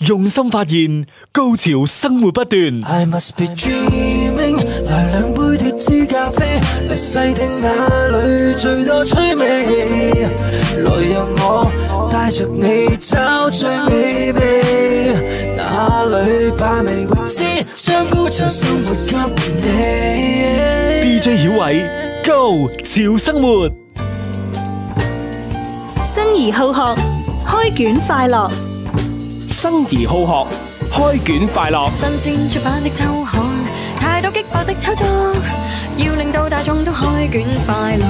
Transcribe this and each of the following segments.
用心發現，高潮生活不斷。I must be dreaming，來兩杯脫脂咖啡，來細聽那裡最多趣味。來讓我帶着你找最美味，哪裡把味未知，將高潮生活給你。DJ 小偉，Go 潮生活，生而好學，開卷快樂。生而好學，開卷快樂。新鮮出版的《週刊》，太多激烈的炒作，要令到大眾都開卷快樂。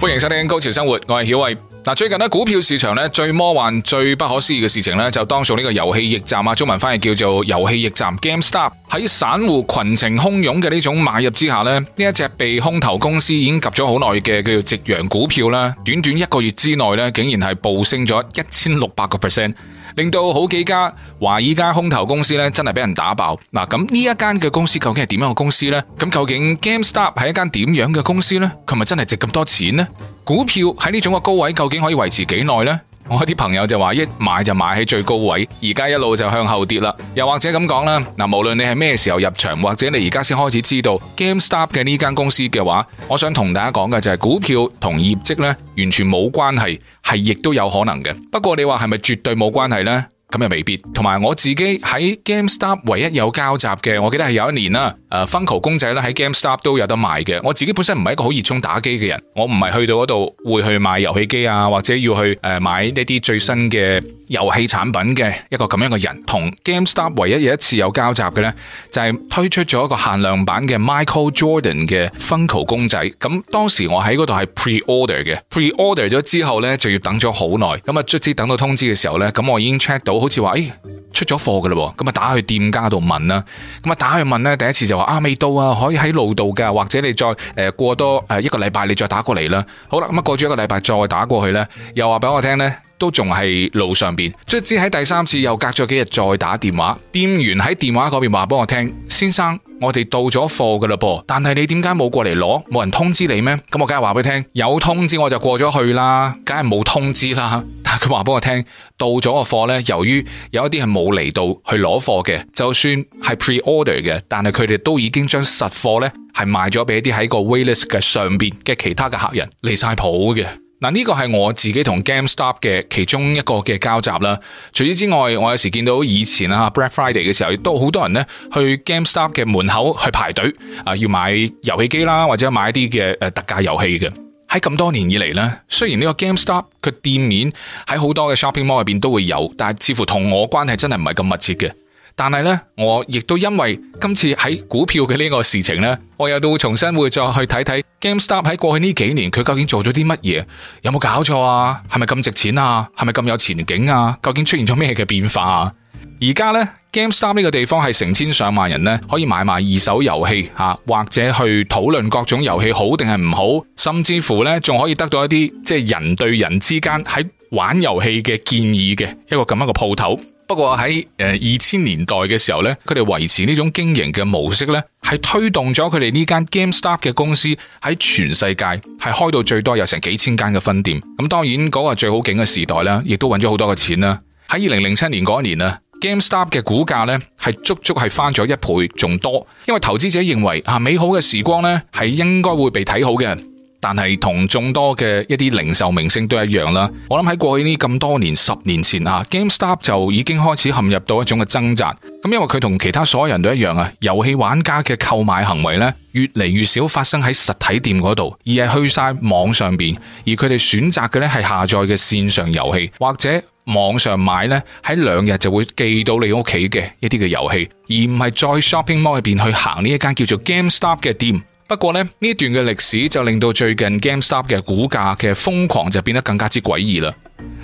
歡迎收聽《高潮生活》，我係曉偉。嗱，最近咧股票市場咧最魔幻、最不可思議嘅事情咧，就當做呢個遊戲驛站啊，中文翻譯叫做遊戲驛站 GameStop 喺散戶群情洶湧嘅呢種買入之下咧，呢一隻被空頭公司已經沽咗好耐嘅叫做夕陽股票啦，短短一個月之內咧，竟然係暴升咗一千六百個 percent。令到好幾家華爾街空頭公司咧，真係俾人打爆嗱。咁呢一間嘅公司究竟係點樣嘅公司咧？咁究竟 GameStop 係一間點樣嘅公司咧？佢咪真係值咁多錢咧？股票喺呢種個高位，究竟可以維持幾耐咧？我一啲朋友就話一買就買喺最高位，而家一路就向後跌啦。又或者咁講啦，嗱，無論你係咩時候入場，或者你而家先開始知道 GameStop 嘅呢間公司嘅話，我想同大家講嘅就係股票同業績呢，完全冇關係，係亦都有可能嘅。不過你話係咪絕對冇關係呢？咁又未必，同埋我自己喺 GameStop 唯一有交集嘅，我記得係有一年啦。誒，uh，Funko 公仔咧喺 GameStop 都有得賣嘅。我自己本身唔係一個好熱衷打機嘅人，我唔係去到嗰度會去買遊戲機啊，或者要去誒買呢啲最新嘅。遊戲產品嘅一個咁樣嘅人，同 GameStop 唯一有一次有交集嘅呢，就係、是、推出咗一個限量版嘅 Michael Jordan 嘅 Funko 公仔。咁當時我喺嗰度係 pre order 嘅，pre order 咗之後呢，就要等咗好耐。咁啊，卒之等到通知嘅時候呢，咁我已經 check 到好似話，誒、欸，出咗貨㗎喇。咁啊，打去店家度問啦。咁啊，打去問呢，第一次就話啊，未到啊，可以喺路度噶，或者你再誒過多誒一個禮拜，你再打過嚟啦。好啦，咁啊過咗一個禮拜再打過去呢，又話俾我聽呢。都仲係路上邊，卒之喺第三次又隔咗幾日再打電話，店員喺電話嗰邊話俾我聽：先生，我哋到咗貨噶啦，噃。但係你點解冇過嚟攞？冇人通知你咩？咁我梗係話俾你聽，有通知我就過咗去啦，梗係冇通知啦。但佢話俾我聽，到咗個貨咧，由於有一啲係冇嚟到去攞貨嘅，就算係 pre-order 嘅，但係佢哋都已經將實貨咧係賣咗俾啲喺個 waitlist 嘅上邊嘅其他嘅客人，離晒譜嘅。嗱，呢個係我自己同 GameStop 嘅其中一個嘅交集啦。除此之外，我有時見到以前啊 Black Friday 嘅時候，亦都好多人呢去 GameStop 嘅門口去排隊啊，要買遊戲機啦，或者買一啲嘅誒特價遊戲嘅。喺咁多年以嚟呢，雖然呢個 GameStop 佢店面喺好多嘅 shopping mall 入邊都會有，但係似乎同我關係真係唔係咁密切嘅。但係呢，我亦都因為今次喺股票嘅呢個事情呢，我又都會重新會再去睇睇 GameStop 喺過去呢幾年佢究竟做咗啲乜嘢？有冇搞錯啊？係咪咁值錢啊？係咪咁有前景啊？究竟出現咗咩嘅變化啊？而家呢 GameStop 呢個地方係成千上萬人呢可以買賣二手遊戲吓，或者去討論各種遊戲好定係唔好，甚至乎呢，仲可以得到一啲即係人對人之間喺。玩遊戲嘅建議嘅一個咁樣嘅鋪頭，不過喺誒二千年代嘅時候呢，佢哋維持呢種經營嘅模式呢，係推動咗佢哋呢間 GameStop 嘅公司喺全世界係開到最多有成幾千間嘅分店。咁當然嗰個最好景嘅時代咧，亦都揾咗好多嘅錢啦。喺二零零七年嗰一年咧，GameStop 嘅股價呢係足足係翻咗一倍仲多，因為投資者認為啊，美好嘅時光呢係應該會被睇好嘅。但係同眾多嘅一啲零售明星都一樣啦，我諗喺過去呢咁多年，十年前啊，GameStop 就已經開始陷入到一種嘅掙扎。咁因為佢同其他所有人都一樣啊，遊戲玩家嘅購買行為咧越嚟越少發生喺實體店嗰度，而係去晒網上邊，而佢哋選擇嘅咧係下載嘅綫上遊戲，或者網上買咧喺兩日就會寄到你屋企嘅一啲嘅遊戲，而唔係再 shopping mall 入邊去行呢一間叫做 GameStop 嘅店。不過咧，呢段嘅歷史就令到最近 GameStop 嘅股價嘅瘋狂就變得更加之詭異啦。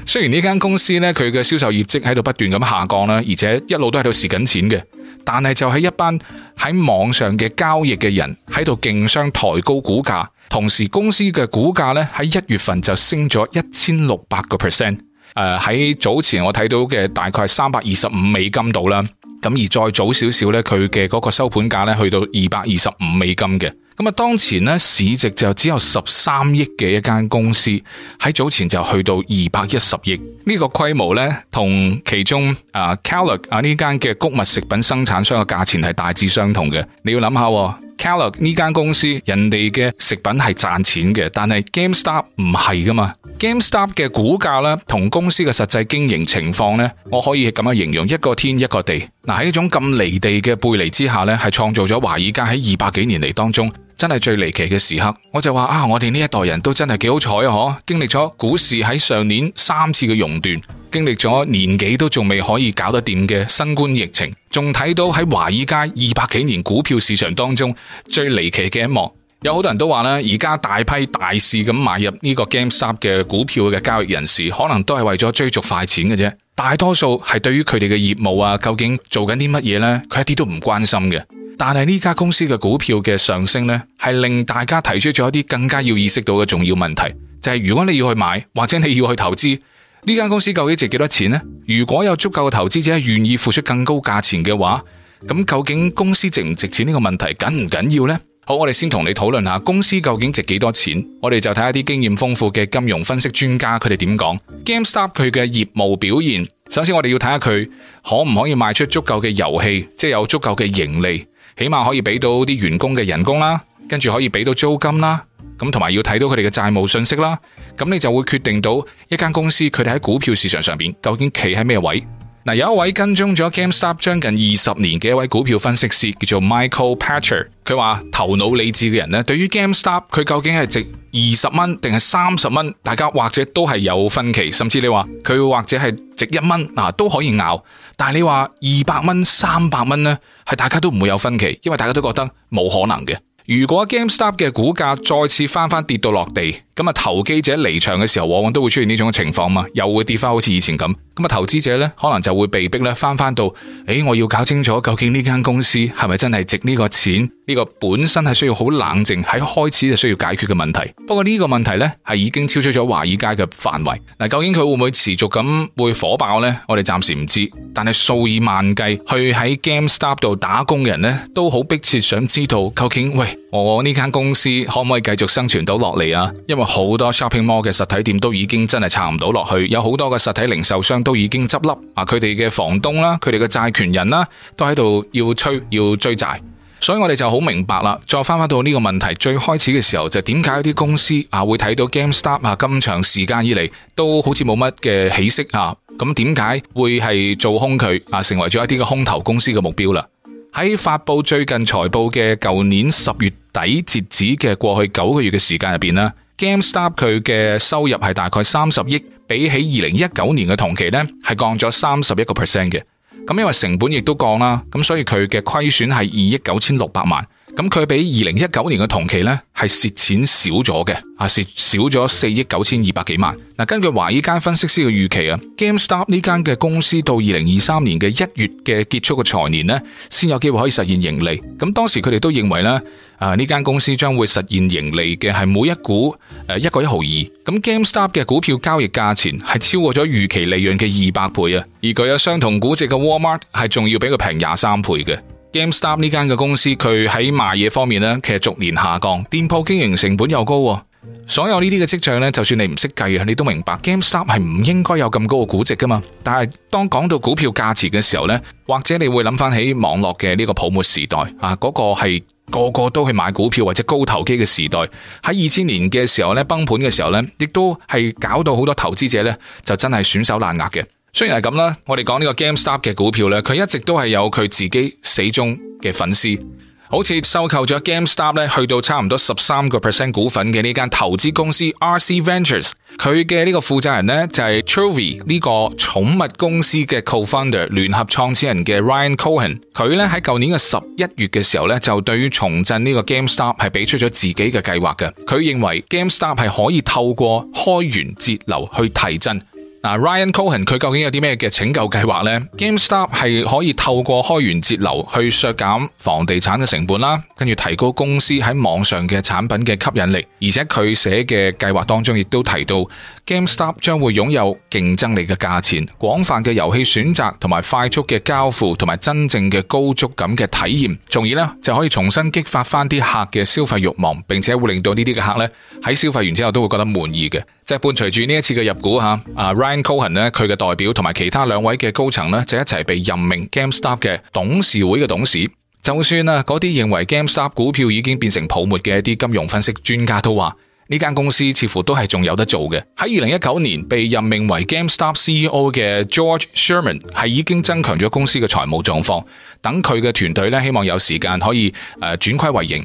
雖然呢間公司呢，佢嘅銷售業績喺度不斷咁下降啦，而且一路都喺度蝕緊錢嘅，但係就喺一班喺網上嘅交易嘅人喺度競相抬高股價，同時公司嘅股價呢喺一月份就升咗一千六百個 percent。誒、呃，喺早前我睇到嘅大概係三百二十五美金度啦，咁而再早少少呢，佢嘅嗰個收盤價呢，去到二百二十五美金嘅。咁啊，當前咧市值就只有十三億嘅一間公司，喺早前就去到二百一十億呢個規模咧，同其中啊 Kellogg 啊呢間嘅谷物食品生產商嘅價錢係大致相同嘅。你要諗下 Kellogg 呢間公司，人哋嘅食品係賺錢嘅，但係 GameStop 唔係㗎嘛？GameStop 嘅股價咧，同公司嘅實際經營情況咧，我可以咁樣形容，一個天一個地。嗱，喺呢種咁離地嘅背離之下咧，係創造咗華爾街喺二百幾年嚟當中真係最離奇嘅時刻，我就話啊，我哋呢一代人都真係幾好彩啊！嗬，經歷咗股市喺上年三次嘅熔斷，經歷咗年幾都仲未可以搞得掂嘅新冠疫情，仲睇到喺華爾街二百幾年股票市場當中最離奇嘅一幕。有好多人都話咧，而家大批大肆咁買入呢個 GameStop 嘅股票嘅交易人士，可能都係為咗追逐快錢嘅啫。大多數係對於佢哋嘅業務啊，究竟做緊啲乜嘢呢？佢一啲都唔關心嘅。但係呢家公司嘅股票嘅上升呢，係令大家提出咗一啲更加要意識到嘅重要問題，就係如果你要去買或者你要去投資呢間公司，究竟值幾多錢呢？如果有足夠嘅投資者係願意付出更高價錢嘅話，咁究竟公司值唔值錢呢個問題緊唔緊要呢？好，我哋先同你討論下公司究竟值幾多錢。我哋就睇下啲經驗豐富嘅金融分析專家，佢哋點講 GameStop 佢嘅業務表現。首先，我哋要睇下佢可唔可以賣出足夠嘅遊戲，即係有足夠嘅盈利。起碼可以俾到啲員工嘅人工啦，跟住可以俾到租金啦，咁同埋要睇到佢哋嘅債務信息啦，咁你就會決定到一間公司佢哋喺股票市場上面究竟企喺咩位。嗱、嗯，有一位跟蹤咗 GameStop 將近二十年嘅一位股票分析師叫做 Michael Patcher，佢話頭腦理智嘅人呢，對於 GameStop 佢究竟係值二十蚊定係三十蚊，大家或者都係有分歧，甚至你話佢或者係值一蚊嗱都可以拗。但係你話二百蚊，三百蚊咧，係大家都唔會有分歧，因為大家都覺得冇可能嘅。如果 GameStop 嘅股價再次翻翻跌到落地，咁啊投機者離場嘅時候，往往都會出現呢種情況嘛，又會跌翻好似以前咁。咁投資者咧可能就會被逼咧返返到，誒，我要搞清楚究竟呢間公司係咪真係值呢個錢？呢個本身係需要好冷靜，喺開始就需要解決嘅問題。不過呢個問題咧係已經超出咗華爾街嘅範圍。嗱，究竟佢會唔會持續咁會火爆呢？我哋暫時唔知。但係數以萬計去喺 GameStop 度打工嘅人呢，都好迫切想知道究竟，喂，我呢間公司可唔可以繼續生存到落嚟啊？因為好多 Shopping Mall 嘅實體店都已經真係撐唔到落去，有好多嘅實體零售商都都已經執笠，啊！佢哋嘅房東啦，佢哋嘅債權人啦、啊，都喺度要催要追債，所以我哋就好明白啦。再翻翻到呢個問題最開始嘅時候，就點解啲公司啊會睇到 GameStop 啊咁長時間以嚟，都好似冇乜嘅起色啊？咁點解會係做空佢啊？成為咗一啲嘅空頭公司嘅目標啦、啊？喺發佈最近財報嘅舊年十月底截止嘅過去九個月嘅時間入邊呢、啊、GameStop 佢嘅收入係大概三十億。比起二零一九年嘅同期咧，係降咗三十一個 percent 嘅。咁因為成本亦都降啦，咁所以佢嘅虧損係二億九千六百萬。咁佢比二零一九年嘅同期呢係蝕錢少咗嘅，啊蝕少咗四億九千二百幾萬。嗱，根據華爾街分析師嘅預期啊，GameStop 呢間嘅公司到二零二三年嘅一月嘅結束嘅財年呢，先有機會可以實現盈利。咁當時佢哋都認為咧，啊呢間公司將會實現盈利嘅係每一股誒一個一毫二。咁 GameStop 嘅股票交易價錢係超過咗預期利潤嘅二百倍啊，而具有相同估值嘅 Walmart 係仲要比佢平廿三倍嘅。GameStop 呢間嘅公司，佢喺賣嘢方面呢，其實逐年下降，店鋪經營成本又高，所有呢啲嘅跡象呢，就算你唔識計啊，你都明白 GameStop 係唔應該有咁高嘅估值噶嘛。但係當講到股票價錢嘅時候呢，或者你會諗翻起網絡嘅呢個泡沫時代啊，嗰個係個個都去買股票或者高投機嘅時代，喺二千年嘅時候呢，崩盤嘅時候呢，亦都係搞到好多投資者呢，就真係損手爛額嘅。雖然係咁啦，我哋講呢個 GameStop 嘅股票咧，佢一直都係有佢自己死忠嘅粉絲。好似收購咗 GameStop 咧，去到差唔多十三個 percent 股份嘅呢間投資公司 RC Ventures，佢嘅呢個負責人咧就係 Chewy 呢個寵物公司嘅 co-founder 聯合創始人嘅 Ryan Cohen，佢咧喺舊年嘅十一月嘅時候咧，就對於重振呢個 GameStop 係俾出咗自己嘅計劃嘅。佢認為 GameStop 係可以透過開源節流去提振。Ryan Cohen 佢究竟有啲咩嘅拯救計劃呢？GameStop 係可以透過開源節流去削減房地產嘅成本啦，跟住提高公司喺網上嘅產品嘅吸引力，而且佢寫嘅計劃當中亦都提到，GameStop 將會擁有競爭力嘅價錢、廣泛嘅遊戲選擇、同埋快速嘅交付、同埋真正嘅高速感嘅體驗，從而呢就可以重新激發翻啲客嘅消費慾望，並且會令到呢啲嘅客呢喺消費完之後都會覺得滿意嘅。即係伴隨住呢一次嘅入股嚇，阿 Ryan Cohen 咧，佢嘅代表同埋其他兩位嘅高層呢，就一齊被任命 GameStop 嘅董事會嘅董事。就算啊，嗰啲認為 GameStop 股票已經變成泡沫嘅一啲金融分析專家都話，呢間公司似乎都係仲有得做嘅。喺二零一九年被任命為 GameStop CEO 嘅 George Sherman 係已經增強咗公司嘅財務狀況，等佢嘅團隊咧，希望有時間可以誒、呃、轉虧為盈。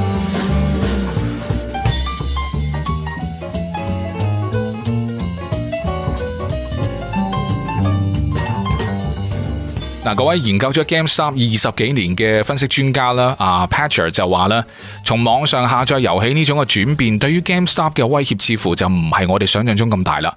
啊、各位研究咗 GameStop 二十幾年嘅分析專家啦，阿、啊、Patrick 就話啦，從網上下載遊戲呢種嘅轉變，對於 GameStop 嘅威脅似乎就唔係我哋想象中咁大啦。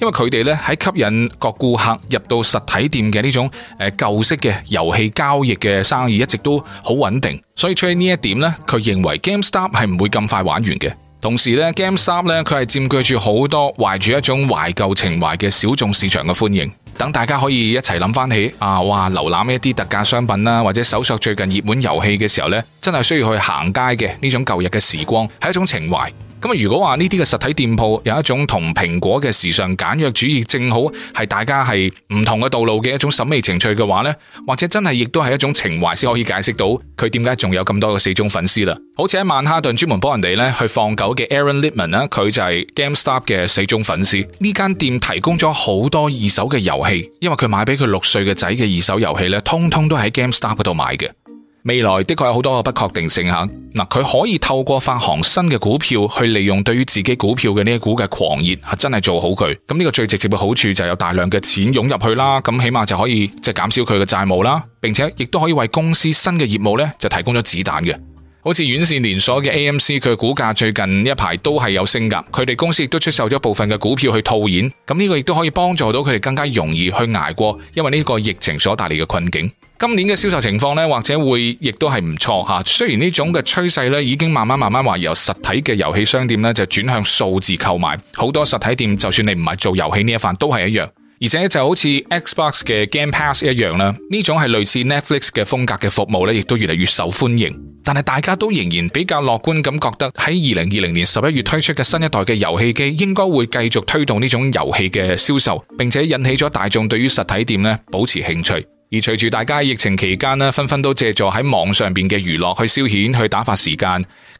因為佢哋咧喺吸引各顧客入到實體店嘅呢種誒舊式嘅遊戲交易嘅生意一直都好穩定，所以出於呢一點咧，佢認為 GameStop 係唔會咁快玩完嘅。同時咧，GameStop 咧佢係佔據住好多懷住一種懷舊情懷嘅小眾市場嘅歡迎。等大家可以一齊諗翻起，啊！哇，瀏覽一啲特價商品啦，或者搜索最近熱門遊戲嘅時候呢，真係需要去行街嘅。呢種舊日嘅時光，係一種情懷。如果話呢啲嘅實體店鋪有一種同蘋果嘅時尚簡約主義，正好係大家係唔同嘅道路嘅一種審美情趣嘅話，呢或者真係亦都係一種情懷先可以解釋到佢點解仲有咁多嘅死忠粉絲啦。好似喺曼哈頓專門幫人哋咧去放狗嘅 Aaron Litman，呢佢就係 GameStop 嘅死忠粉絲。呢間店提供咗好多二手嘅遊戲，因為佢買俾佢六歲嘅仔嘅二手遊戲咧，通通都喺 GameStop 嗰度買嘅。未來的確有好多個不確定性吓，嗱，佢可以透過發行新嘅股票去利用對於自己股票嘅呢一股嘅狂熱，係真係做好佢。咁呢個最直接嘅好處就係有大量嘅錢湧入去啦，咁起碼就可以即減少佢嘅債務啦，並且亦都可以為公司新嘅業務咧就提供咗子彈嘅。好似院線連鎖嘅 AMC，佢嘅股價最近一排都係有升噶，佢哋公司亦都出售咗部分嘅股票去套現，咁呢個亦都可以幫助到佢哋更加容易去挨過，因為呢個疫情所帶嚟嘅困境。今年嘅銷售情況咧，或者會亦都係唔錯吓。雖然呢種嘅趨勢咧，已經慢慢慢慢由實體嘅遊戲商店咧，就轉向數字購買。好多實體店就算你唔係做遊戲呢一份，都係一樣。而且就好似 Xbox 嘅 Game Pass 一樣，呢種係類似 Netflix 嘅風格嘅服務咧，亦都越嚟越受歡迎。但係大家都仍然比較樂觀咁覺得，喺二零二零年十一月推出嘅新一代嘅遊戲機，應該會繼續推動呢種遊戲嘅銷售，並且引起咗大眾對於實體店咧保持興趣。而隨住大家疫情期間呢，紛紛都借助喺網上邊嘅娛樂去消遣、去打發時間，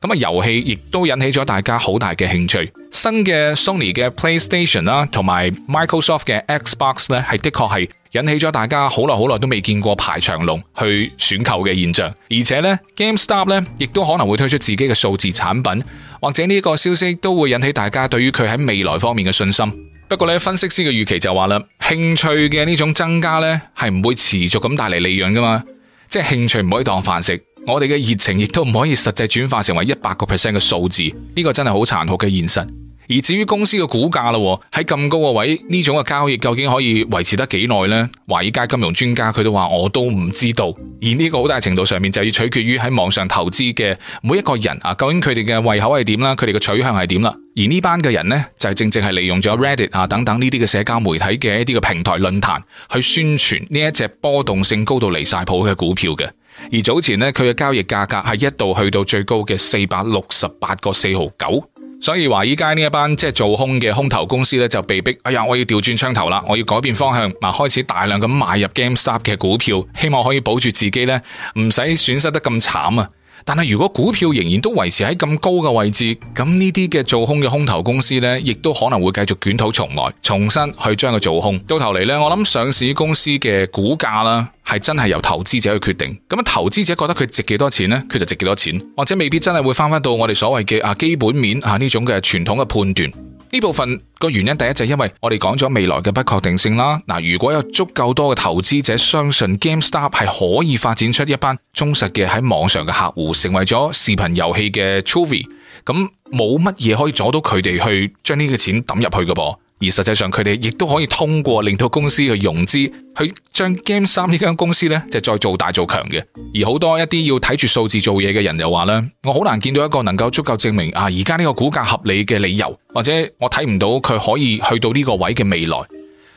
咁啊遊戲亦都引起咗大家好大嘅興趣。新嘅 Sony 嘅 PlayStation 啦，同埋 Microsoft 嘅 Xbox 咧，係的確係引起咗大家好耐好耐都未見過排長龍去選購嘅現象。而且呢 GameStop 呢，亦都可能會推出自己嘅數字產品，或者呢個消息都會引起大家對於佢喺未來方面嘅信心。不過咧，分析師嘅預期就話啦，興趣嘅呢種增加咧，係唔會持續咁帶嚟利潤噶嘛，即係興趣唔可以當飯食，我哋嘅熱情亦都唔可以實際轉化成為一百個 percent 嘅數字，呢、這個真係好殘酷嘅現實。而至於公司嘅股價啦，喺咁高嘅位，呢種嘅交易究竟可以維持得幾耐呢？華爾街金融專家佢都話：我都唔知道。而呢個好大程度上面，就要取決於喺網上投資嘅每一個人啊，究竟佢哋嘅胃口係點啦，佢哋嘅取向係點啦。而呢班嘅人呢，就係正正係利用咗 Reddit 啊等等呢啲嘅社交媒體嘅一啲嘅平台論壇去宣傳呢一隻波動性高到離晒譜嘅股票嘅。而早前呢，佢嘅交易價格係一度去到最高嘅四百六十八個四毫九。所以華爾街呢一班即係做空嘅空頭公司咧就被逼，哎呀，我要調轉槍頭啦，我要改變方向，嗱、啊，開始大量咁買入 GameStop 嘅股票，希望可以保住自己咧，唔使損失得咁慘啊！但係如果股票仍然都維持喺咁高嘅位置，咁呢啲嘅做空嘅空頭公司呢，亦都可能會繼續捲土重來，重新去將佢做空。到頭嚟呢，我諗上市公司嘅股價啦，係真係由投資者去決定。咁啊，投資者覺得佢值幾多錢呢？佢就值幾多錢，或者未必真係會翻翻到我哋所謂嘅啊基本面啊呢種嘅傳統嘅判斷。呢部分個原因，第一就係因為我哋講咗未來嘅不確定性啦。如果有足夠多嘅投資者相信 GameStop 係可以發展出一班忠實嘅喺網上嘅客戶，成為咗視頻遊戲嘅 Chewy，咁冇乜嘢可以阻到佢哋去將呢個錢抌入去噶噃。而實際上，佢哋亦都可以通過令到公司嘅融資，去將 Game 三呢間公司呢，就再做大做強嘅。而好多一啲要睇住數字做嘢嘅人又話咧，我好難見到一個能夠足夠證明啊而家呢個股價合理嘅理由，或者我睇唔到佢可以去到呢個位嘅未來。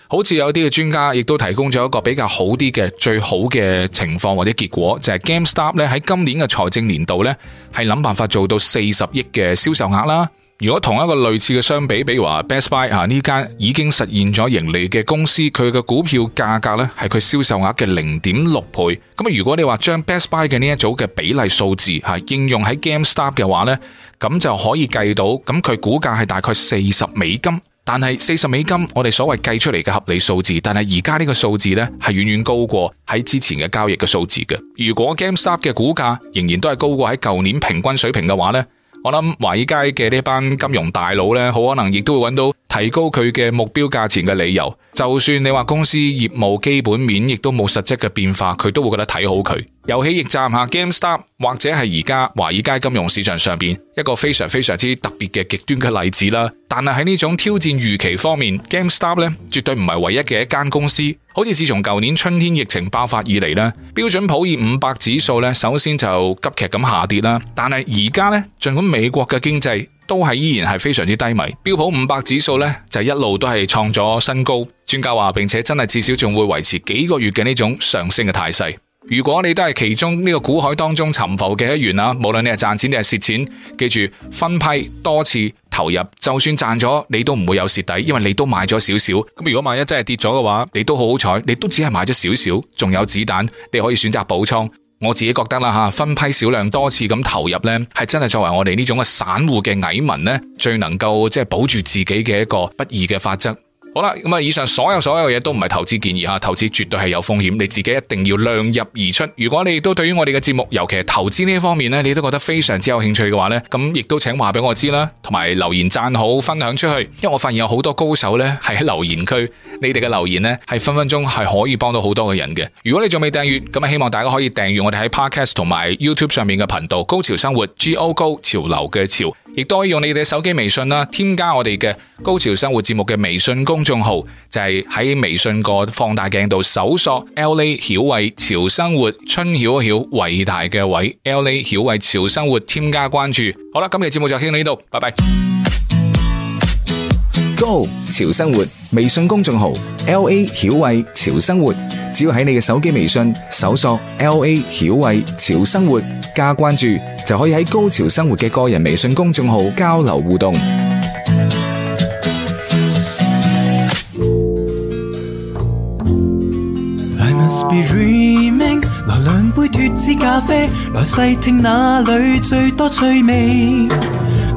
好似有啲嘅專家亦都提供咗一個比較好啲嘅最好嘅情況或者結果，就係、是、GameStop 咧喺今年嘅財政年度呢，係諗辦法做到四十億嘅銷售額啦。如果同一個類似嘅相比，比如話 Best Buy 吓呢間已經實現咗盈利嘅公司，佢嘅股票價格呢係佢銷售額嘅零點六倍。咁啊，如果你話將 Best Buy 嘅呢一組嘅比例數字吓、啊、應用喺 GameStop 嘅話呢，咁就可以計到，咁佢股價係大概四十美金。但係四十美金，我哋所謂計出嚟嘅，合理數字，但係而家呢個數字呢係遠遠高過喺之前嘅交易嘅數字嘅。如果 GameStop 嘅股價仍然都係高過喺舊年平均水平嘅話呢，我諗華爾街嘅呢班金融大佬咧，好可能亦都會揾到提高佢嘅目標價錢嘅理由，就算你話公司業務基本面亦都冇實質嘅變化，佢都會覺得睇好佢。遊戲驛站下、GameStop 或者係而家華爾街金融市場上面一個非常非常之特別嘅極端嘅例子啦。但係喺呢種挑戰預期方面，GameStop 咧絕對唔係唯一嘅一間公司。好似自從舊年春天疫情爆發以嚟啦，標準普爾五百指數呢首先就急劇咁下跌啦。但係而家呢，盡管美國嘅經濟都係依然係非常之低迷，標普五百指數呢，就一路都係創咗新高。專家話，並且真係至少仲會維持幾個月嘅呢種上升嘅態勢。如果你都係其中呢個股海當中沉浮嘅一員啦，無論你係賺錢定係蝕錢，記住分批多次投入，就算賺咗你都唔會有蝕底，因為你都買咗少少。咁如果萬一真係跌咗嘅話，你都好好彩，你都只係買咗少少，仲有子彈，你可以選擇補倉。我自己覺得啦吓，分批少量多次咁投入呢，係真係作為我哋呢種散戶嘅蟻民呢，最能夠保住自己嘅一個不二嘅法則。好啦，咁啊，以上所有所有嘢都唔係投資建議啊，投資絕對係有風險，你自己一定要量入而出。如果你都對於我哋嘅節目，尤其係投資呢一方面呢，你都覺得非常之有興趣嘅話呢，咁亦都請話俾我知啦，同埋留言讚好，分享出去，因為我發現有好多高手呢係喺留言區，你哋嘅留言呢係分分鐘係可以幫到好多嘅人嘅。如果你仲未訂閱，咁啊，希望大家可以訂閱我哋喺 Podcast 同埋 YouTube 上面嘅頻道，高潮生活 GO 高潮流嘅潮。亦都用你哋嘅手機微信啦，添加我哋嘅《高潮生活》節目嘅微信公眾號，就係喺微信個放大鏡度搜索 L A 曉慧潮生活春曉曉偉大嘅位 L A 曉慧潮生活，添加關注。好啦，今日嘅節目就係傾到呢度，拜拜。Go 潮生活微信公眾號 L A 曉慧潮生活，只要喺你嘅手機微信搜索 L A 曉慧潮生活，加關注。.就可以喺高潮生活嘅個人微信公眾號交流互動。來兩杯脫脂咖啡，來細聽哪裏最多趣味，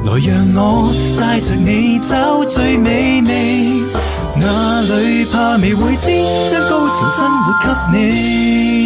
來讓我帶着你找最美味，哪裏怕未會知將高潮生活給你。